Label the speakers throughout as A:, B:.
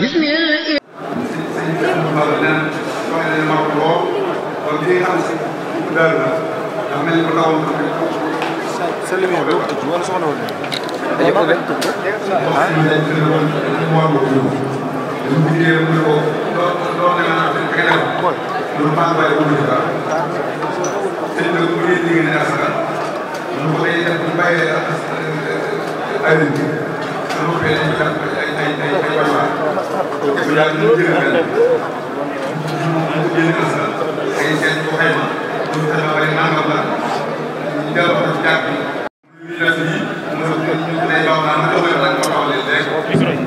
A: بسم الله سلم يا ابو تجي ولا شغله ولا ايه ما بنتك ها yàlla ñu jël benn bu jëlee askan ay seen bu xayma ñu fexe ba nangam la ñu jël wax ci jàkk yi. ñu def yi mu ne day baax naa ko koy laaj moo tax leen rek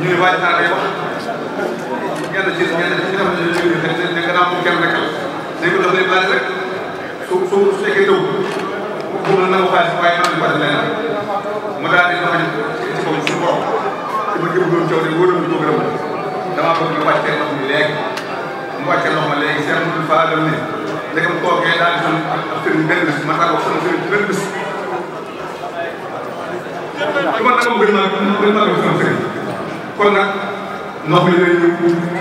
A: ñuy waaj naa koy wax ñenn ci ñenn ci dafa ñu ñu ne ne gannaaw moom kenn rek la dañ ko def lay bari rek su su su fekkee taw bu mu nangu xaalis waaye man di bari leneen mu daal di doxal ci kaw ci kaw ci bëgg bu doon coow de wóor na mu jóg moom ñu wàccee ndox mi léegi mu wàccee ndox ma léegi Cheikh Moudou Fall ne ndegam kookee daal di am ak sëriñ benn bis ma taal wax sama sëriñ benn bis su ma nangam gën maa gën maa gën sama sëriñ kon nag ndox mi lay ñëw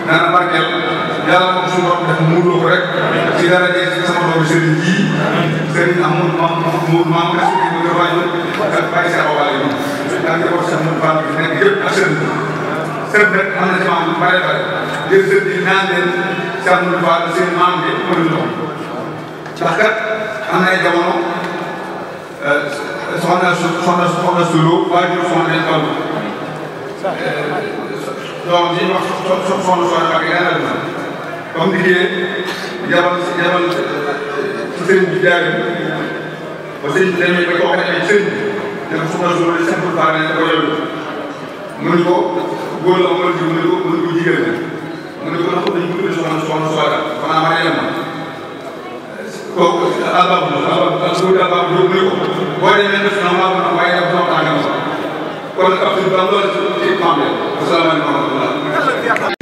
A: daana barkeel yàlla moom suñu borom def muuroo ko rek ci dara jee sama doomu sëriñ yii sëriñ am mu ma mu ma mu des ko gën a wàññi ak bàyyi sa awal yi ndax njaboot Cheikh Moudou Fall bi nekk yëpp ak sëriñ sëriñ bi rek am na ci maam yu bare bare ngir sëriñ bi naan leen sàmmul baal seen maam bi mënuñu doon ndax kat am na ay jamono eh, soxna su soxna su soxna eh, su loo waajur soxna leen toll doom ji wax soxna soxna ak yeneen la comme liggéey yabal yabal sëriñ bi jaaree ba sëriñ bi demee ba ko wax ne ay sëriñ bi dafa soxna su loo sàmmul baal leen ko yóbbu mu ne ko góor la amal jiw mu ne ko mu ne ko jigéen la mu ne ko ndax dañu ko tuddee soxna soxna Soxna xanaa ma dem na. kooku albaab la albaab mu ne ko boo demee def na waaw na waaye dafa soxla nga ma kon ab suuf ba loolu ci ci maam la asalaamaaleykum wa rahmatulah.